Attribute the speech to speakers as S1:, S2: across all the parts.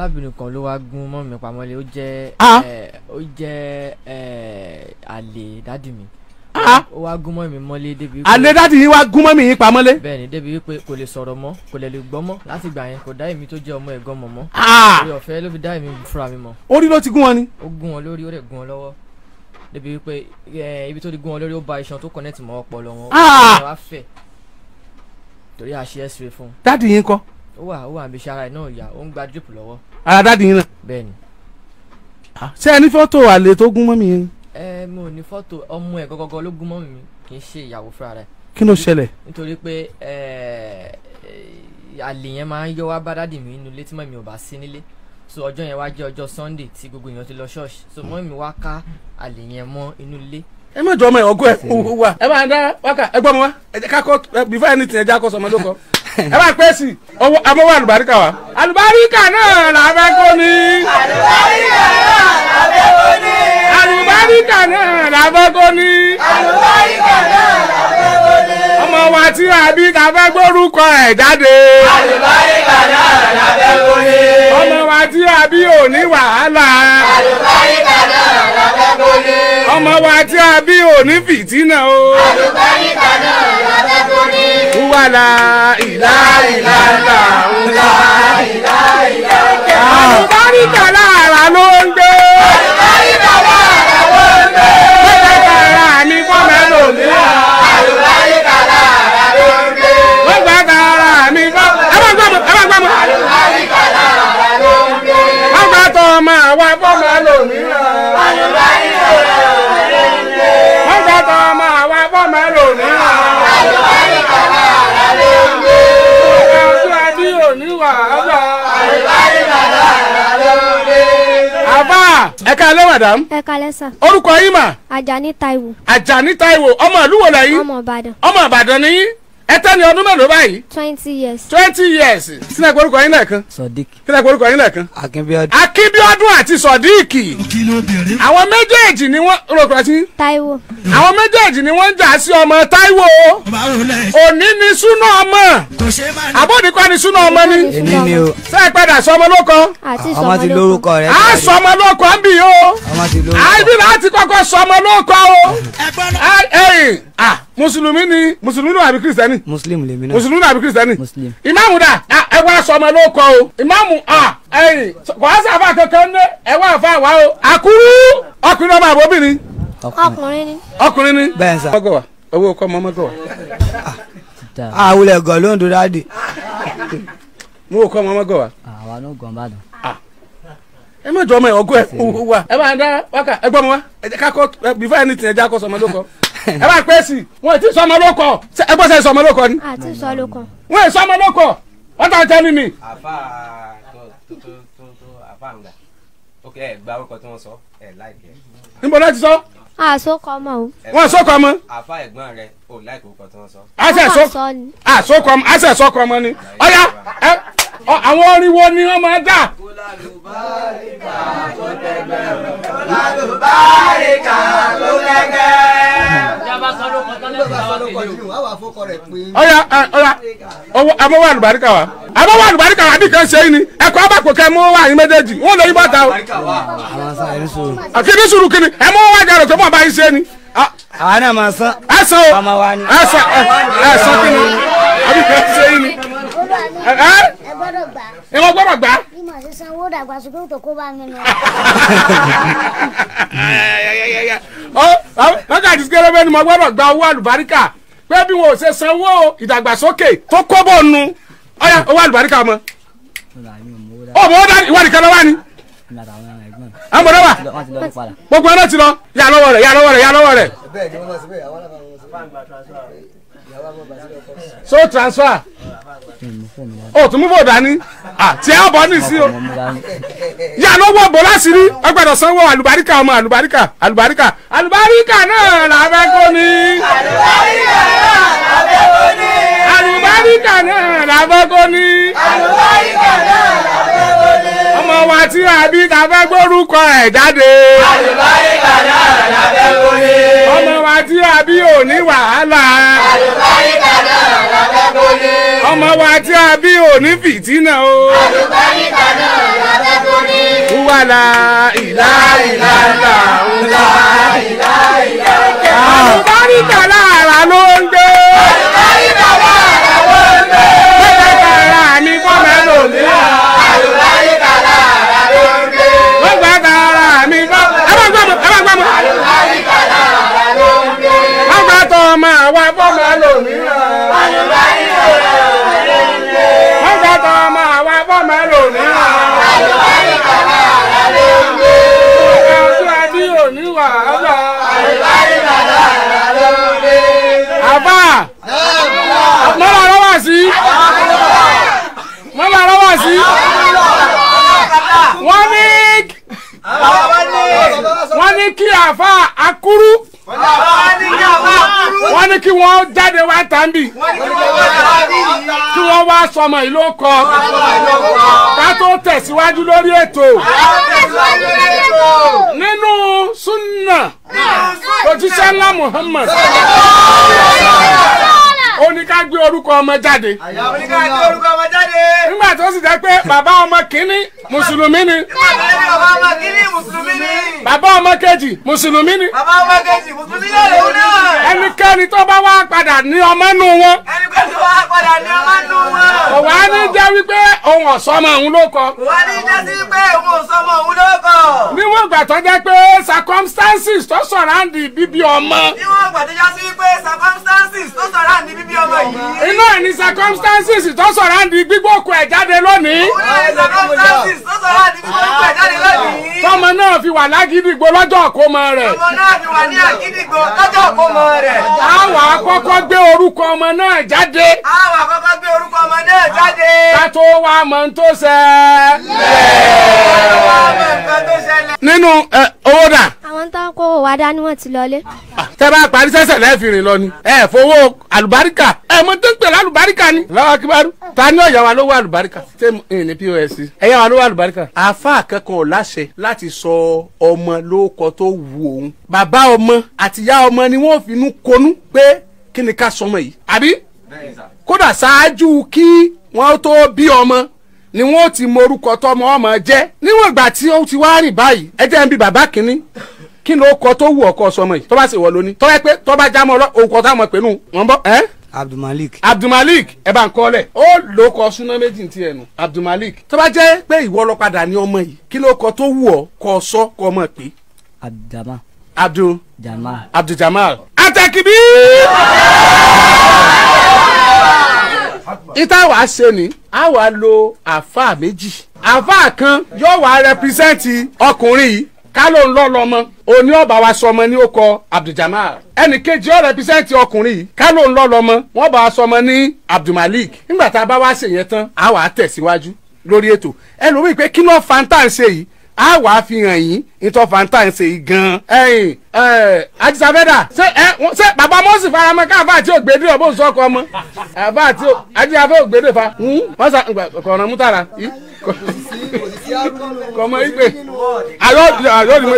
S1: arábìnrin kan ló wá gún mọ́ mi pamọ́lé ó jẹ́ ó jẹ́ àlè dádì mi ó wá gún mọ́ mi mọ́lé débi. àlè dádì yìí wá gún mọ́ mi yín pamọ́lé. bẹ́ẹ̀ni débi wípé kò lè sọ̀rọ̀ mọ́ kò lè lè gbọ́ mọ́ láti gbà yẹn kò dá èmi tó jẹ́ ọmọ ẹ̀gbọ́n mọ̀ mọ́. orí ọ̀fẹ́ ló fi dá èmi fúnra mi mọ̀. orí ló ti gún wọn ni. ó gún wọn lórí ó rẹ̀ gún wọn lọ́wọ́ débi wípé ibi tó ti gún wọn lórí ó ba iṣan tó connect mọ́ ọpọlọ wọn. ó wá torí àṣẹ ẹ̀ sire fún. dádì yín kọ́ ó wà ó wà àbí sara ẹ̀ náà yà ó ń gba drip lọ́wọ́. ara dáàdi yín náà. bẹ́ẹ̀ni.
S2: Ah, ṣé ẹ ní fọ́tò àlè tó gún mọ́ mi yẹn.
S1: ẹ mo ní fọ́tò ọmọ ẹ̀ gọ́gọ́gọ́ ló gún mọ́ mi kì í ṣe ìyàwó fúnra rẹ̀. kí ló ṣẹlẹ̀. nítorí pé àlè yẹn máa ń yọ wá bá dáàdi mi nílé tí mọ̀mí ò bá sí nílé so ọjọ́ yẹn wá jẹ́ ọjọ́ sunday tí gbogbo èèyàn ti lọ ṣọ́ọ̀ṣì so mọ̀mí wá ká àlè yẹn mọ́ inú ilé
S2: ẹ má jọ ọmọ ẹ ọgọ ẹ wà ẹ máa dá wákà ẹ gbọ́ mi wá ẹ jẹ́ ká kọ́ before anything ẹ jẹ́ àkọ́sọ ọmọ ló kọ́ ẹ bá pẹ́ sí ọwọ́ amọ́wọ́ àlùbáríkà wa. àlùbáríkà náà là bẹ́ kó ní. àlùbáríkà náà là bẹ́ kó ní. àlùbáríkà náà là bẹ́ kó ní. àlùbáríkà náà là bẹ́ kó ní. ọmọ wa tí a bí ta fẹ́ gbórúkọ ẹ̀ jáde. àlùbáríkà náà là bẹ́ kó ní. ọmọ wa tí a bí ò wàhálà. àlùbáríkà náà là bẹ́ kó ní. ọmọ wa tí a bí ò fìtínà o. àlùbáríkà náà huwa la ilaha illallah
S3: huwa la ilaha illallah. àlùbáríkà lára ló ń gbé.
S2: madam. ẹ kalẹ sà. orúkọ yín mà.
S1: Àjàní Táíwò.
S2: Àjàní Táíwò ọmọ ìlú wo lẹ́yìn. ọmọ Ìbàdàn. ọmọ Ìbàdàn ni yín ẹ ni ọdún mélòó báyìí.
S1: twenty years.
S2: twenty years kí náà gborúkọ yín lẹ́ẹ̀kan. sodiq. kí náà gborúkọ yín lẹ́ẹ̀kan. akínbíọ́dún. akínbíọ́dún àti sodiq. àwọn méjèèjì ni wọ́n rògbò sí. taiwo. àwọn méjèèjì ni wọ́n ń jà sí ọmọ taiwo. òní ni súná ọmọ. àbódìkọ́ ni súná ọmọ ni. èmi ni o. sẹ́ẹ̀ padà sọmọ lóko. ọmọ ti lórúkọ rẹ. a sọmọ lóko ń bì yó. ọmọ ti lórúkọ. àìbí láti kọ́kọ́ sọmọ lóko o. ẹ̀gbọ́n náà. ah mùsùlùmí ni mùsùlùmí náà àbí kìrìsìtẹ́nì. mùsùlùmí lèmi na mùsùlùmí náà àbí kìrìsìtẹ́nì. mùsùlùmí. ìmáàmù dà ẹ wá sọ ọmọ ló kọ o ìmáàmù ah, ẹyìn kò á sàfà kankan ní ẹ wá àfà o. àkúrú ọkùnrin ni. ọkùnrin ni. bẹ́ẹ̀ sà. ọgọ wa owó ọmọ wa. Ah, àwùlẹ̀ gọ̀ ló ń dúró ọmọ wa. àwa ló gàn bá dùn ẹ má jọ ọmọ ẹ ọgọ ẹ ẹ dá ẹ bá pẹ́ sí wọn ti sọ ọmọ lóko ẹ gbọ́ sẹ́ sọ ọmọ lóko ni.
S1: àti sọ lóko.
S2: wọn ì sọ ọmọ lóko wọn tàn tẹ́ ni mi. àfa
S4: tó tó tó tó àfa ń gà ok ẹ gba orúkọ tí wọn sọ ẹ láìpẹ́. níbo
S1: náà ti sọ. a sókọ ọmọ o. wọn sókọ ọmọ.
S4: àfa ẹ̀gbọ́n rẹ o láìpẹ́ orúkọ tí
S1: wọn sọ. a
S2: sẹ sókọ ọmọ ni ọyá ẹ. àwọn oríwo ni wọ́n máa dà. kólàlùbáríkà tó lẹ́gbẹ́ kólàlùbáríkà tó lẹ́gbẹ́. ọ̀ya ọ̀ya abọ́wọ́ àlùbáríkà wa abọ́wọ́ àlùbáríkà wa nìkan ṣe é ni wa yín méjèèjì o. kìnìún kìnìún wa tó ṣe ni náà máa san. ẹ san o ẹ san ẹ san gbọ́dọ̀ gbà. ìwọ gbọ́dọ̀ gbà. bí mo ṣe sanwó dàgbà sókè tó kó bá mi nù. lọ́kàtí sikẹ́rẹ́bẹ́ ni mo gbọ́dọ̀ gba owó àlùbáríkà pé bí wọn ò ṣe sanwó ìdàgbàsókè tó kó bò nu ọ̀yà owó àlùbáríkà mọ́. ọmọ ọ̀dà ìwádìí kan lọ́wọ́ ni amọ̀dọ́ wa gbogbo ẹ̀ náà ti lọ yà lọ́wọ́ rẹ̀ yà lọ́wọ́ rẹ̀ yà lọ́wọ́ rẹ̀ so transfer o tún mú bò dání àti ẹ bọ nísí o yà lọ́wọ́ bò láṣìírí ọgbẹ́dọ̀ sanwó àlùbáríkà ọmọ àlùbáríkà àlùbáríkà àlùbáríkà náà làbẹ́ kó ní. àlùbáríkà náà làbẹ́ kó ní. àlùbáríkà náà làbẹ́ kó ní wa tí a bí ta fẹ́ gbórúkọ ẹ̀ jáde. àlùbáyé kàdá àràdà fẹ́ kórè. ọmọ wa tí a bí ò ní wàhálà. àlùbáyé kàdá àràdà fẹ́ kórè. ọmọ wa tí a bí ò ní fìtínà o. àlùbáyé kàdá àràdà fẹ́ kórè. wàlà ìlà ìlà ìlà ìlà
S3: ìlà ìlà. àlùbáyé kàdá àrà ló ń gbé.
S2: I'm on! wá ń bì kí wọ́n wá sọmọ ìlú kọ ká tó tẹ̀síwájú lórí ètò nínú súnà òjíṣẹ́ ńlá Muhammad ó ní ká gbé orúkọ ọmọ jáde. ó ní ká gbé orúkọ ọmọ jáde. nígbà tó sì jẹ́ pé bàbá ọmọ kìíní mùsùlùmí ni bàbá ọmọ kìíní mùsùlùmí ni. bàbá ọmọ kejì mùsùlùmí ni. bàbá ọmọ kejì mùsùlùmí náà lòun náà. ẹnikẹ́ni tó bá wá padà ní ọmọ nù wọn.
S3: ẹnikẹ́ni tó bá wá padà ní ọmọ nù wọn.
S2: kò wá ní jẹ́ wípé òun ọ̀sọ́mọ òun ló kọ. kò wá ní jẹ́ sí pé òun ọ̀sọ́mọ òun ló kọ. níwọ̀n ìgbà tó jẹ́ pé circumstances tó sọ̀ráǹdì bíbí ọmọ. níwọ̀n ìgbà tó jẹ́ sí pé circumstances tó sọ̀ráǹdì bíbí ọmọ yìí. iná ẹ̀ ni circumstances tó sọ̀ráǹdì gbígbókù ẹ̀ jáde lónìí. iná ẹ̀ ni circumstances tó sọ̀ráǹdì gbígbókù ẹ̀ jáde lónìí tọmọ náà fi wà lágídìgbò lọ́jọ́ àkómọ rẹ̀. ọmọ náà fi wà ní àgídìgbò lọ́jọ́ àkómọ rẹ̀. a wà á kọ́kọ́ gbé orúkọ ọmọ náà jáde. a wà á kọ́kọ́ gbé orúkọ ọmọ náà jáde. ká tó wá mọ̀ ń tó sẹ́ẹ́.
S1: ká ni wọ́n ti lọlé.
S2: tẹ́ bá parí sẹ́sẹ̀ lẹ́ẹ̀fìrìn lọ ni ẹ fowó àlùbáríkà ẹ mọ tó ń pè lálùbáríkà ni. lọ́wọ́ akíbárú ta ni ọ̀yà wa lówó àlùbáríkà ṣé ní pọ́s ẹ̀yà wa lówó àlùbáríkà. àáfà akẹ́kọ̀ọ́ ò láṣẹ láti sọ ọmọ lóko tó wù òun. bàbá ọmọ àtìyá ọmọ ni wọ́n fi inú konú pé kí ni ká sọmọ yìí àbí kódà ṣáájú kí wọ́n tó bí ọmọ ni wọn ò ti mọ orúkọ tọmọ ọmọ jẹ níwọ̀n ìgbà tí ó ti wá rìn báyìí ẹ ń bi bàbá kínní kí ló kọ tó wù ọkọ sọmọ yìí tó bá sì wọ lóní tó pé tó bá já mọ ọlọ òǹkọ táwọn pè nù wọn bọ ẹ. Abdulmalik. Abdulmalik ẹ bá ń kọ́ lẹ̀ ó ló kọ súná méjì ti ẹ̀ nù Abdulmalik tó bá jẹ́ pé ìwọ lọ padà ní ọmọ yìí kí ló kọ tó wù ọ kọ sọ kọ mọ̀ pé. Abduljamal. Abdul. Jamal. Abduljamal. Atakibi. ìta wàá ṣe ni a wàá lo àáfàá méjì àáfàá kan yóò wàá rẹpísẹ́ǹtì ọkùnrin yìí kálọ̀ ńlọ lọmọ òní ọba wa sọmọ ní okọ abduljamal ẹnì kejì ó rẹpísẹ́ǹtì ọkùnrin yìí kálọ̀ ńlọ lọmọ wọn bá wa sọmọ ní abdulmalik nígbà tá a bá wá ṣèyẹn tán a wà á tẹ̀síwájú lórí ètò ẹlòmíì pé kí ló fa ń tà ń ṣe yìí a wàá fi hàn yín ìtọ́ fanta ń ṣe yìí gan-an. ẹ̀yin àdìsá fẹ́dà ṣé ẹ ṣé bàbá mọ́sì faramọ́ káfá àti ògbédè ọ̀bọ̀ ń sọ́kọ ọmọ àbá àti àdìsá fẹ́ ògbédè fa wọ́n sà kọ̀ọ̀nà mútàrà kọ̀ọ̀mọ́ ìgbé àlọ́ àlọ́ ìgbé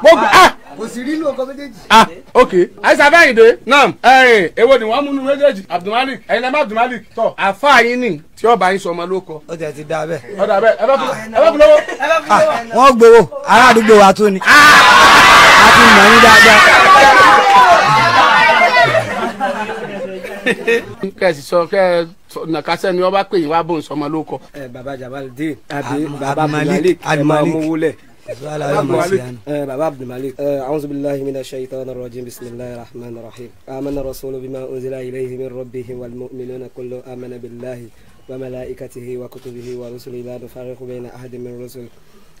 S2: gbogbo ah kò
S4: sì rí lóko méjèèjì.
S2: ah ok àìsàn fẹ́yìndé náà ẹ̀yìn eh, èwo ni wọ́n múnú méjèèjì abdulmalik ẹ̀yin lẹ́mọ̀ abdulmalik tọ̀ àfa yín ni tí ọba yín sọ ọmọ ló kọ. ó jẹ ti da bẹ́ẹ̀. ó da bẹ́ẹ̀ ẹ bẹ fún lọ́wọ́. wọ́n gbowó ará àdúgbò wa tó ni ah! a ti
S3: mọ̀ ní dáadáa.
S2: kẹ́sì sọ kẹ́ nàkásẹ́ ni wọ́n bá pè yín wá bóun sọmọ ló kọ. Eh, ẹ baba jabal deen àbí baba malik àdìmọ́lẹ̀ يعني.
S4: آه، عبد المعليك آه، أعوذ بالله من الشيطان الرجيم بسم الله الرحمن الرحيم آمن الرسول بما أنزل إليه من ربه والمؤمنون كل آمن بالله وملائكته وكتبه ورسله لا نفرق بين أحد من رسله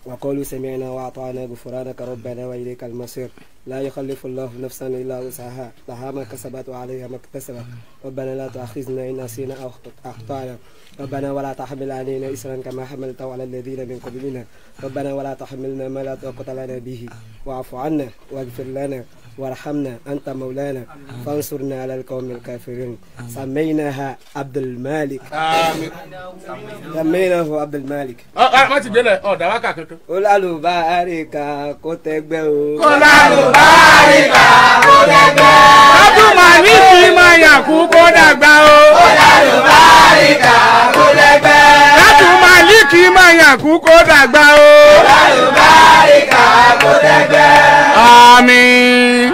S4: وقالوا سمعنا وأعطانا غفرانك ربنا وإليك المصير لا يخلف الله نفسا إلا وسعها لها ما كسبت وعليها ما اكتسبت ربنا لا تؤاخذنا إن نسينا أو أخطأنا ربنا ولا تحمل علينا إسرا كما حملته على الذين من قبلنا ربنا ولا تحملنا ما لا طاقة لنا به واعف عنا واغفر لنا وارحمنا أنت مولانا فانصرنا على القوم الكافرين سميناها عبد الملك
S5: آمين سميناه
S4: عبد المالك
S2: ما تجينا أو دعوة كاكتو أولالو باريكا كوتكبو أولالو باريكا كوتكبو أدوما نيسي ما يكو كودكبو أولالو باريكا كوتكبو أدوما نيسي ما يكو كودكبو أولالو
S3: باريكا
S2: كوتكبو آمين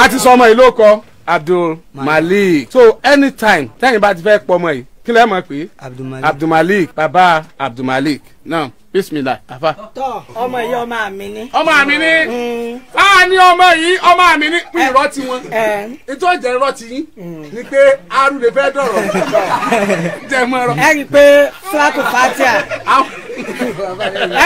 S2: a ti sọ ọmọ yìí ló kọ Abdul Malik so anytime tẹ́yìn bá ti fẹ́ pọ ọmọ yìí kí lẹ́ẹ̀ mọ̀ pé Abdul Malik baba Abdul Malik náà bisimilah afa. tọ ọmọ yìí ọmọ àmì ni. ọmọ àmì ni mm. a ní ọmọ yìí ọmọ àmì ni pín irọ́ ti wọn ètò ìjẹ́ irọ́ ti yín mm. ni pé arúgbó fẹ́ dọ̀rọ̀ jẹ́ mọ́ ẹ̀rọ. ẹ rí i pé flaco fatia ẹ rí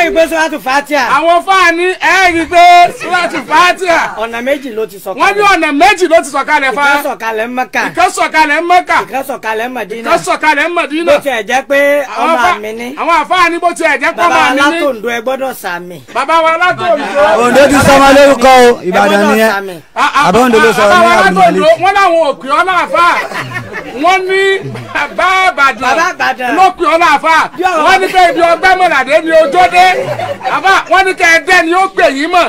S2: i pé sọ́látù fatia. àwọn fáàní ẹ rí i pé
S3: sọ́látù fatia.
S4: ọ̀nà méjì ló ti sọ̀kalẹ̀. wọ́n ní ọ̀nà méjì ló ti sọ̀kalẹ̀ fa. ìkọ́sọ̀kalẹ̀ mẹ́kà. ìkọ́sọ̀kalẹ̀ mẹ́kà. ìkọ́sọ̀kalẹ̀ mọ̀dínà. ìkọ́sọ̀kalẹ̀ mọ̀dínà. bó tiẹ̀ jẹ́ pé ọmọ mi ni. àwọn
S2: àfáàní bó tiẹ̀ jẹ́ pé ọmọ mi ni. bàbá alátòǹdó ẹ gbọ́dọ̀ sàmì. bàbá wa alátòǹdó wọ́n ní bàbá àbàdàn ló pè ọ́ láàfà wọ́n ní kẹ́ ibi ọgbẹ́ mọ̀làdé ni ojó dé àfà wọ́n ní kẹ́ ẹ dẹ́ ni ó pè yín mọ̀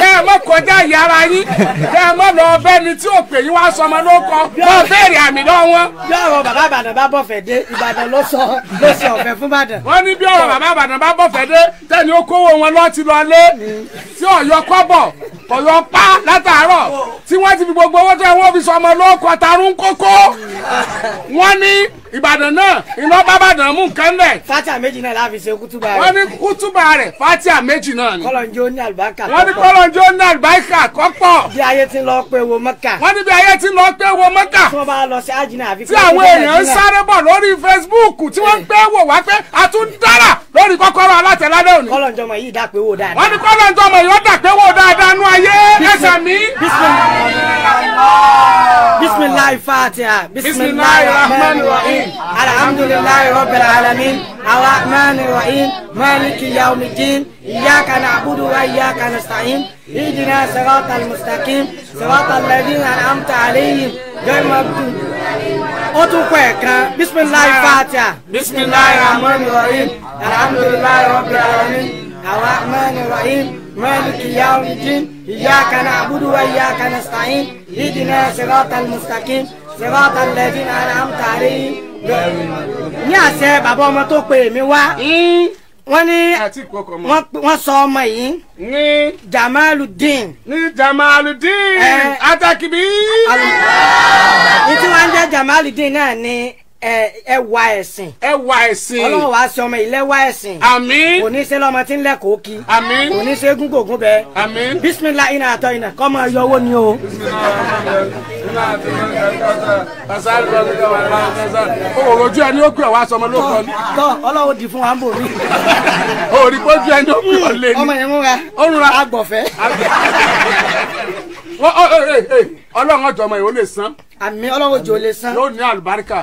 S2: kẹ́ ẹ mọ̀ kọjá ìyára yín kẹ́ ẹ mọ̀ lọ bẹ́ẹ̀ ni tí ò pè yín wá sọmọ ló kọ wọ́n béèrè àmì lọ wọn. bí ọ̀rọ̀ bàbá àbàdàn bá bọ̀fẹ̀ dé ìbàdàn ló sọ ló sọ ọ̀fẹ́ fún bàdàn. wọ́n ní bí ọ̀rọ̀ bàbá àbàdàn bá bọ̀fẹ̀ dé tẹ́ni ó kówó wọn lọ́ ti lọ lé tí ọ̀yọ́ kọ́bọ̀ ọ̀yọ́ pa látàárọ̀ tí wọ́n ti fi gbogbo owó tó yẹ wọ́n fi sọ ọmọ lóko tarun kókó wọ́n ní ìbàdàn náà iná bábàdàn mú nǹkan lẹ̀. fatia méjì náà láàfin ṣe kútúbà rẹ̀. wọ́n ní kútúbà rẹ̀ fatia méjì náà ni.
S4: kọlọ̀njó ní àlùbáríkà kọ́pọ̀. wọ́n ní kọlọ̀njó
S2: ní àlùbáríkà kọ́pọ̀. bí ayé ti lọ pé wo mọ́kà. wọ́n ní bí ayé ti lọ pé wo mọ́kà. tí wọ́n bá lọ sí àjìnà àbí. tí àwọn èèyàn ń sáré bọ̀ lórí Facebook tí wọ́n pé wò wá pé a tún dára lórí kọ́kọ́rọ́ alátẹ̀ládẹ́ òní. kọlọ̀njọ́ mọ̀ yìí dà pé wò dáadáa. wọ́n ní kọlọ̀njọ́ mọ̀ yìí ó dà pé wò
S4: rahman rahim. الرحيم الحمد لله رب العالمين الرحمن الرحيم مالك يوم الدين إياك نعبد وإياك نستعين اهدنا صراط المستقيم صراط الذين أنعمت عليهم غير مغضوب ó tún kọ ẹ̀kan bisimilayi fatia. bisimilayi rahman rahim alhamdulilayi rabbil alamin arahman rahim maliki yawmi din iyaka na'budu wa iyaka nasta'in idina sirata almustaqim sirata alladhina an'amta alayhim ní àṣẹ bàbá ọmọ tó pe èmi wá wọ́n ní wọ́n sọ ọmọ yìí ní Jamaludin. ní Jamaludin Atakibi. ní ń jẹ́ Jamaludin náà ni ẹwà ẹ̀sìn. ẹwà ẹ̀sìn. ọlọ́run wàá sọ ọmọ ilé wà ẹ̀sìn. àmín. oníṣẹ́ lọ́mọ tí ń lẹ́kọ̀ọ́ kí. àmín. oníṣẹ́ gúngògún bẹ́ẹ̀. àmín. bísímìlá
S2: iná àtọ́ iná kọ́ máa yọ owó ni o. òwòrò ojú ẹni ó pè wá sọmọ ló ni. tọ ọlọ́run fún wa ń bò mí. ó ọ lé ọmọ yẹn ó ń ra. agbọ̀fẹ́. ọlọ́run ọjọ́ ọmọ yìí ó lè san. àmì ọlọ́run ọjọ́ lè san. yóò ní àlùbáríkà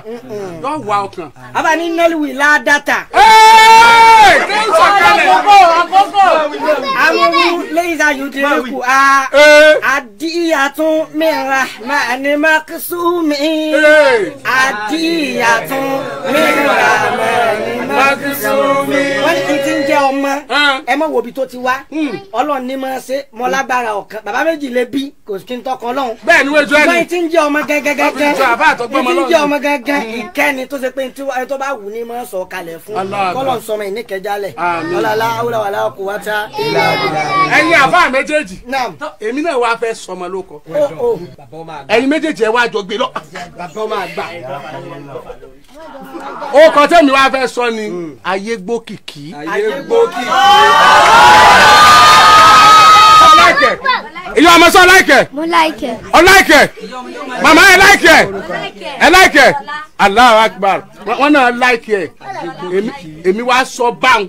S2: yóò wà ọkàn. àbá ní nẹ́lùwì ládàtà. ẹ́ẹ̀
S4: kí n sọ̀kalẹ̀. àkókò àkókò. àwọn ohun iza yudiriku a adiyatun min rahmani maksumi adiyatun min
S2: rahmani maksumi. wọ́n ní ti ń
S4: jẹ ọmọ ẹ mọ̀ wo ibi tó ti wá hmm. ọlọ́run ní máa ṣe mọ́ hmm. lágbára ọ̀kan bàbá méjì lè bí kò kí n tọkàn lọ́hùn. bẹ́ẹ̀ ni wọ́n ju ẹni wọ́n ti ń jẹ ọmọ gẹ́gẹ́ gẹ́gẹ́ ti ń jẹ ọmọ gẹ́gẹ́ ìkẹ́ni tó ṣe pé tó bá wù ní máa sọ
S2: àfa méjèèjì èmi náà wàá fẹ́ sọmọ ló kọ oh, oh. ẹ̀yin méjèèjì ẹ wá jọ gbé lọ. o kọ tẹ́mi wàá fẹ́ sọ ni hmm. ayé gbókìkí. ayé gbókìkí. ìyá ọmọ sọ láìkẹ. mo mama I like ẹ I like ẹ Allah Akbar wọn náà láìkì ẹ èmi wá sọ báwọn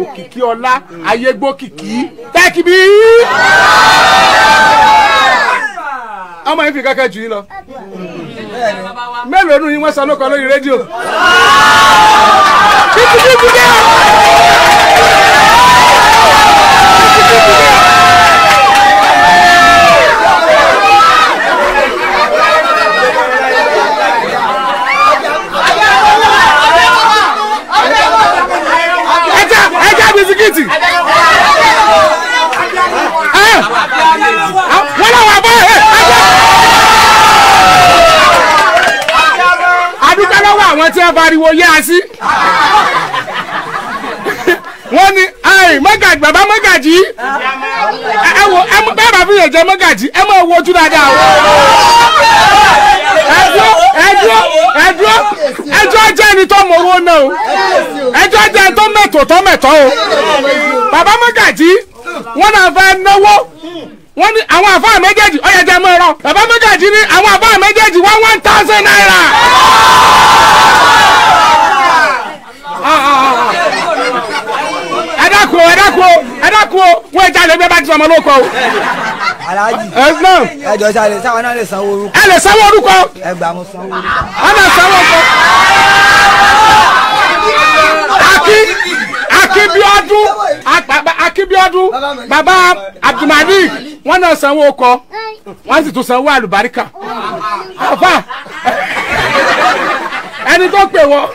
S2: òkìkí ọlá ayégbó kìkì tẹ́kì bí. ọmọ yìí fi kankan jù yín lọ mélòó nù yín wọ́n sọ lóko lórí rédíò. kìkì kìkì dẹ́. kìkì
S3: bisikíìtì. Eh?
S2: wọ́n làwọn àbọ̀ ẹ̀ adúgbò lọ́wọ́ àwọn tí wọ́n pariwo yé a sí. wọ́n ní mọ́gàjì bàbá mọ́gàjì ẹ wo bẹ́ẹ̀ bá fi lè jẹ mọ́gàjì ẹ máa wo ojú dáadáa o. ẹ dúró ẹ dúró ẹ dúró ẹjọ́ jẹ́ ẹni tó mọ̀ owó náà o ẹjọ́ jẹ́ kò tọ́ mẹ̀tọ́ o bàbá mọ́gàjì wọ́n náà fẹ́ náwó wọ́n ní àwọn àfáà méjèèjì ó yẹ jẹ́ mọ́ ẹ̀rọ bàbá mọ́gàjì ní àwọn àfáà méjèèjì wọ́n one thousand naira. ẹ dákun o ẹ dákun o ẹ dákun o wọ́n ìjà lè gbé bá ti sọmọ lóko o. Alhaji ẹ jọ sáré sáwọn náà lè sanwó orúkọ. ẹ lè sanwó orúkọ.
S4: ẹ gbà mo sanwó
S2: orúkọ. ọ akíbíọ́dún akíbíọ́dún bàbá abdulmalik wọ́n náà sanwó kọ wọ́n sì tún sanwó alubarika. Papa, ẹni tó pè wọ́n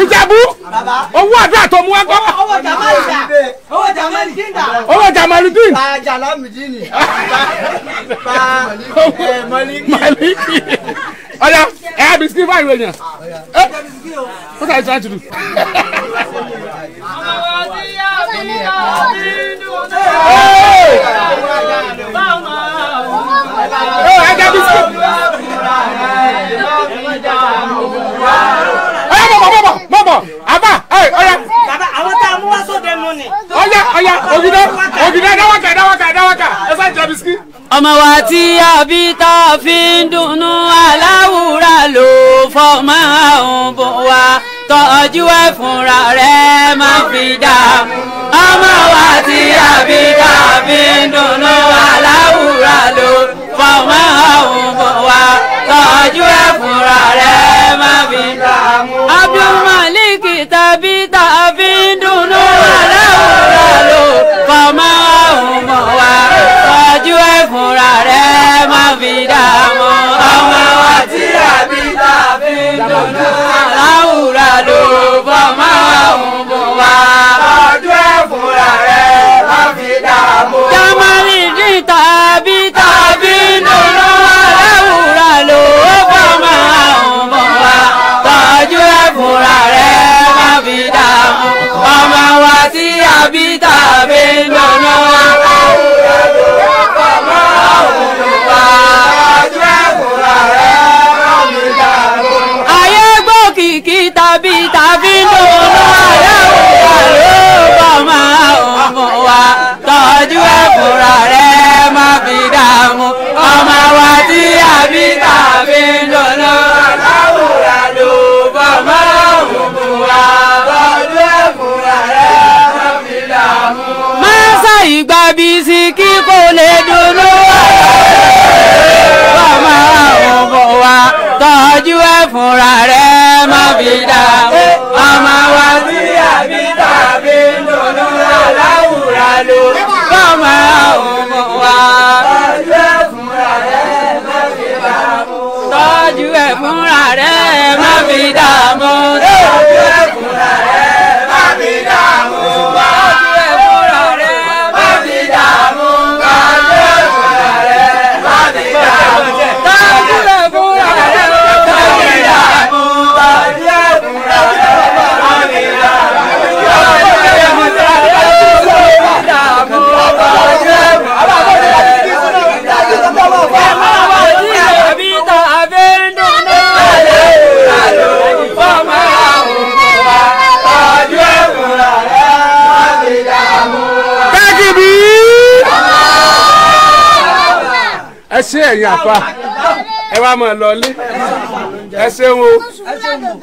S4: ìjàbú owó àdúrà tó mú wá gbọ́. owó jamaludin owó jamaludin da.
S3: owó
S2: jamaludin. pa jalamudini pa maliki. ọ̀dà ẹ̀ á bisikì fún àwọn èèyàn. ẹ what are you trying to do.
S3: àwọn ọdí yà mí náà bí dùn
S2: náà. ọmọ wa tí a bí tá a
S3: fi ń dunnú aláwùrà ló fọmọ àwọn bò wá tọ́jú ẹ fúnra rẹ má fi dá ọmọ wa tí a bí tá a fi ń dunnú aláwùrà ló fọmọ àwọn bò wá tọ́jú ẹ fúnra rẹ má fi dá. Abdul Malik tàbí fi ń dunnú. ìgbà bisikí kò lè dúró. bọ́mọ òbò wa tọ́jú ẹ fúnra rẹ̀ má fi dà ọmọ wa sí àbí tàbí lòlú aláwùrà lò. bọ́mọ òbò wa tọ́jú ẹ fúnra rẹ̀ má fi dà tọ́jú ẹ fúnra rẹ̀ má fi dà
S2: ẹ̀yin àfa ẹ wá mọ̀ lọ́lé ẹ ṣeun o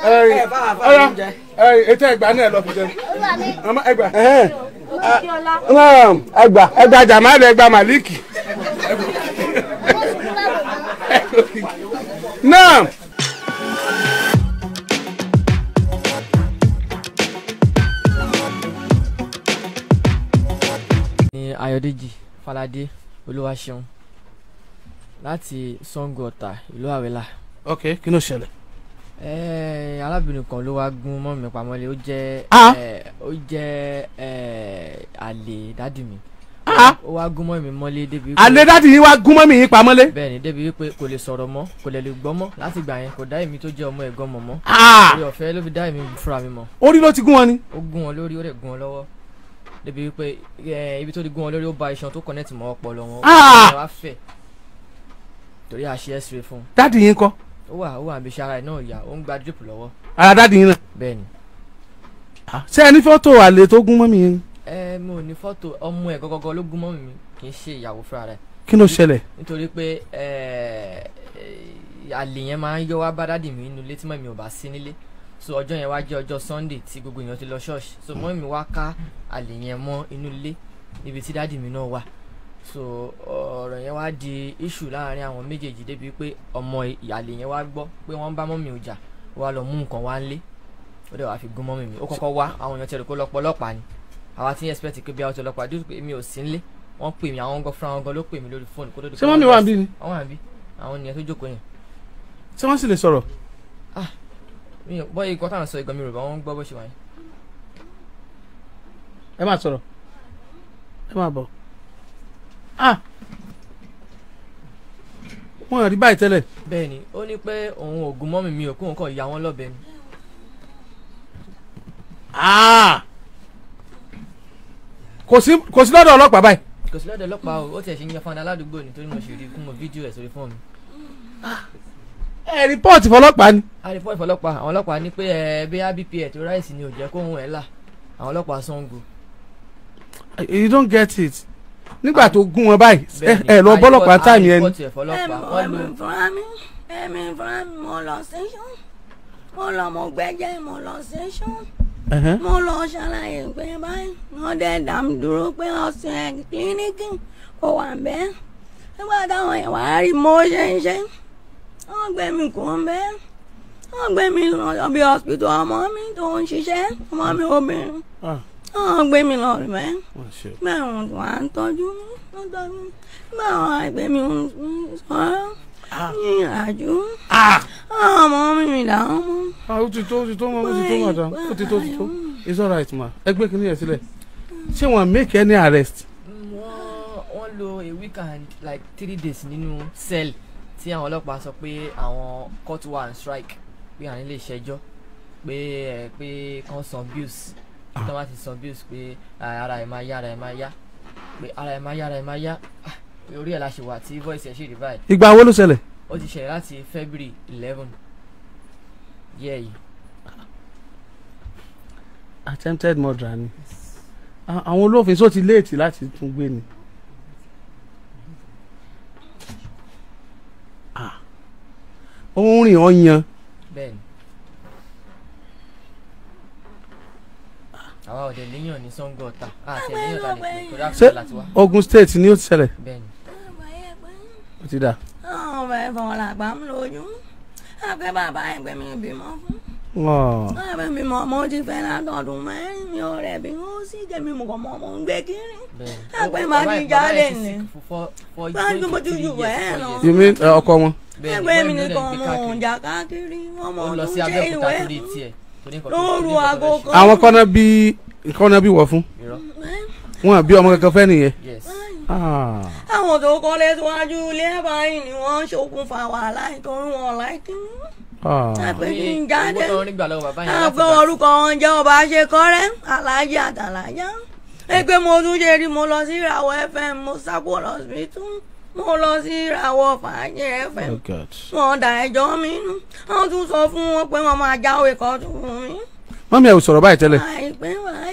S2: ọ̀rọ̀ ètò ẹ̀gbá náà lọ fi jẹun ọmọ ẹgbà ẹgbà ẹgbà jamalu ẹgbà maliki náà.
S1: Ayọ̀dèjì Fáládé Olúwaṣeun láti Sango Ọ̀tà ìlú Àwẹ̀là. ok kí ló ṣẹlẹ̀. ẹẹ arábìnrin kan ló wá gún mọ́ mi pamọ́lé ó jẹ́ ó jẹ́ àlè dádì mi ó wá gún mọ́ mi mọ́lé débi. àlè dádì yín wá gún mọ́ mi yín pamọ́lé. bẹ́ẹ̀ni débi wípé kò lè sọ̀rọ̀ mọ́ kò lè lè gbọ́ mọ́ láti gbà yẹn kò dá èmi tó jẹ́ ọmọ ẹ̀gbọ́n mọ̀ mọ́. orí ọ̀fẹ́ ló fi dá èmi fúnra mi mọ̀. orí ló ti gún wọn ni. ó gún wọn lórí ó rẹ̀ gún wọn lọ́wọ́ débi wípé ibi tó ti gún wọn lórí ó ba iṣan tó kọ̀nẹ́tì mọ́ ọpọlọ wọn. ó wá fẹ̀ torí àṣẹ ẹsẹ fún. dáàdì yín kọ́. ó wà ó wà àbí sara ẹ̀ náà yà ó ń gba drip lọ́wọ́. ara dáàdì yín náà. bẹ́ẹ̀ni.
S2: ṣé ẹ ní fọ́tò àlè tó gún mọ́ mi yẹn.
S1: ẹ mi ò ní fọ́tò ọmọ ẹ̀ gọ́gọ́gọ́ ló gún mọ́ mi kì í ṣe ìyàwó fúnra rẹ̀. kí ló ṣẹlẹ̀. nítorí pé àlè yẹn máa ń yọ wá bá dáàdì mi nínú ilé tí mọ̀ mi ò bá sí nílé so ọjọ́ yẹn wá jẹ́ ọjọ́ sunday tí gbogbo èèyàn ti lọ ṣọ́ọ̀ṣì so mọ́ mi wá ká àlè yẹn mọ́ inú ilé níbi tí dáàdì mi náà wà so ọ̀rọ̀ yẹn wá di issue láàrin àwọn méjèèjì débi pé ọmọ ìyàlè yẹn wá gbọ́ pé wọ́n ń bá mọ́mì ọjà wá lọ mú nǹkan wá lé ó dẹ̀ wá fi gún mọ́mì mi ó kọ́kọ́ wá àwọn èèyàn tẹ̀lé kó lọ́pọ̀ ni àwa ti ń expect pé bí àwọn tẹ̀lé ọlọ́pàá dúró pé mi ò sí nílé wọ́n pè mí àwọn gan fúnra wọn gan ló pè mí lórí fóònù kó tó di. ṣé mọ́mì bí ni. àwọn àbí àwọn ènìyàn tó jókòó yẹn.
S2: ṣé wọ́n sì lè sọ̀rọ̀. ah
S1: mi ò bọ́ ikọ̀ táwọn sọ ìgbọ̀n mi rò bá wọn gbọ́ bó ṣe wà yẹn.
S2: ẹ máa sọ̀rọ̀ ẹ máa bọ̀. Ah. wọn rí báyìí tẹ́lẹ̀.
S1: bẹ́ẹ̀ni ó ní pé òun ògùn mọ́mì mi ò kóun kàn ya wọn lọ́bẹ ni. Ah. kò sí lọ́dọ̀ ọlọ́pàá báyìí. kò sí lọ́dọ̀ ọlọ́pàá o ó tiẹ̀ ṣe ń yan fanda aládùúgbò nítorí mo ṣe rí fún mo fídíò ẹ̀ sórí fún mi. Ah. ẹ rìpọ́ọ̀tì fọlọ́pàá ni. a rìpọ́ọ̀tì fọlọ́pàá àwọn ọlọ́pàá ní pé ẹ bí abp ẹ̀ tó ráìsì ni ò jẹ́ kóun ẹ̀ là àwọn ọlọ́pàá sango.
S2: you don't get it nígbà tó gún wọn báyìí ẹ lọ bọ́lọ́pàá táìmì ẹni. èmi fúnra
S5: mi mo lọ station mo lọ mo gbẹ́jẹ́ mo lọ station mo lọ ṣàlàyé pé báyìí wọ́n dẹ̀ dàm dúró pé ọ̀sẹ̀ kílíníkì kò wà bẹ́ẹ̀ nígbà táwọn yẹn wàá rí mo ṣe ń ṣe wọ́n gbé mi kú bẹ́ẹ̀ wọ́n gbé mi lọ bí hospital ọmọ mi tó ń ṣiṣẹ́ ọmọ mi obìnrin. Ah wọ́n gbé mi lọ rẹ̀ bẹ́ẹ̀ wọ́n wà ń tọ́jú wọ́n tọ́jú
S1: bẹ́ẹ̀ wọ́n àgbẹ̀ mi ń sọ̀rọ̀
S5: ah. ní àjò ah. ọmọ mi mi là ń mú. Ah, ó ti tó ó ti tó ma ó ti tó madam ó ti tó ó ti tó
S2: it's alright ma ẹ gbé yẹn sílẹ̀ ṣé wọ́n make any arrest.
S1: wọ́n lo a week and like three days nínú cell tí àwọn ọlọ́pàá sọ pé àwọn court wà on strike pé à ń lè ṣẹjọ́ pé eh, pé kan san bills tó bá ti san bills pé ara ẹ̀ máa yá ara ẹ̀ máa yá pé ara ẹ̀ máa yá ara ẹ̀ máa yá ah, pé orí ẹ̀ la ṣe wà tí voice ẹ̀ ṣì rí ìgbà wo ló ṣẹlẹ̀. ó ti ṣẹlẹ̀ láti February eleven yẹ́ yìí.
S2: attempted murder ni àwọn olófin sọ ti léètì láti tún gbé ni. Ah. ó ń rìn ọ́ yan.
S1: bẹ́ẹ̀ni àwa ọ̀dẹ̀ léyàn ní sango ọ̀tà àti ẹ̀léyàn ta lè kó dákúrò láti wá. Ogun State ni ó ti ṣẹlẹ̀. bẹ́ẹ̀ni.
S2: ó ti dà.
S5: ọ̀hún bẹ́ẹ̀ fọwọ́ làgbà ń lóyún àgbẹ̀ bàbá ẹgbẹ́ mi bímọ fún. àgbẹ̀ mi mọ ọmọ ti fẹ́ látọ̀dún mẹ́rin mi rẹ̀ bí wọ́n sì jẹ́ mi mọ̀ ọmọ ń gbé kiri. àgbẹ̀ máa ti jáde ní. báńkì mo ti jù bẹ́ẹ̀ lọ. you mean uh, ọkọ wọn. ẹgbẹ́ mi nìkan ọmọ òǹjà káàkiri ọmọ ọdún jẹ́ ìwé lóru agogo. àwọn
S2: kọ́nà bí kọ́nà bí wọ̀ fún wọn àbí ọmọ kankan fẹ́ nìyẹn.
S1: Ah.
S5: àwọn tó kọ́lé síwájú ilé báyìí ni wọ́n ṣokùnfà wàhálà ìtọ́rù wọn láìkí
S1: àpèjìnjáde ah. àpè orúkọ
S5: wọn jẹ́ ọba ṣe kọ́rẹ́ aláàjì àtàlájà ẹgbẹ́ mo tún ṣe rí mo lọ sí ìràwọ̀ fm mo sá kúrò lọ́sibítù mo lọ sí ìràwọ̀ fàájì fm oh, wọn dà ẹjọ́ mi nù wọn tún sọ fún wọn pé wọn máa jáwé kan tún fún mi.
S2: mọ́mí ẹ̀ ò sọ̀rọ̀ báyìí tẹ́lẹ̀.
S1: àìpẹ́ wàá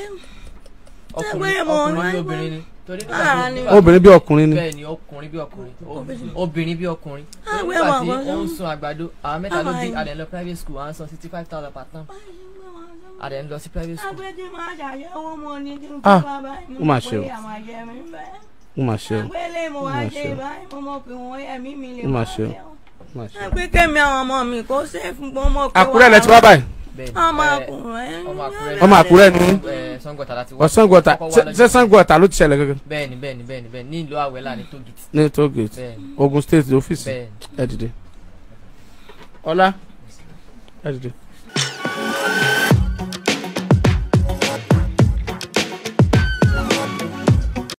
S1: ọkùnrin ọkùnrin obìnrin bí ọkùnrin ni. bẹ́ẹ̀ni ọkùnrin bí ọkùnrin obìnrin bí ọkùnrin. nígbà ó ń sun àgbàdo àwọn mẹ́ta ló dé adẹ̀ lọ private school à san sixty five thousand per term adẹ̀ lọ sí private school. agbẹ́jì máa ṣàyẹ̀wò
S5: mo
S2: ah, ní ó mà ṣe o ó mà ṣe o ó mà ṣe o ó mà ṣe
S5: o. pé kẹ́mi àwọn ọmọ mi kò ṣe é fún gbọ́mọ pé wà á. àkúrẹ́ lẹ ti wá báyìí. ọmọ àkúrẹ́
S1: ọmọ àkúrẹ́ ni ọ̀sánguọ̀tà ṣé ṣánguọ̀tà ló ti ṣẹlẹ̀ gangan. bẹ́ẹ̀ni bẹ́ẹ̀ni bẹ́ẹ̀ni bẹ́ẹ̀ni ní ìlú àwẹlà ní tógìtì. ní tógìtì Ogun State ọ́fíìsì ẹ dìde ọlá ẹ dìde.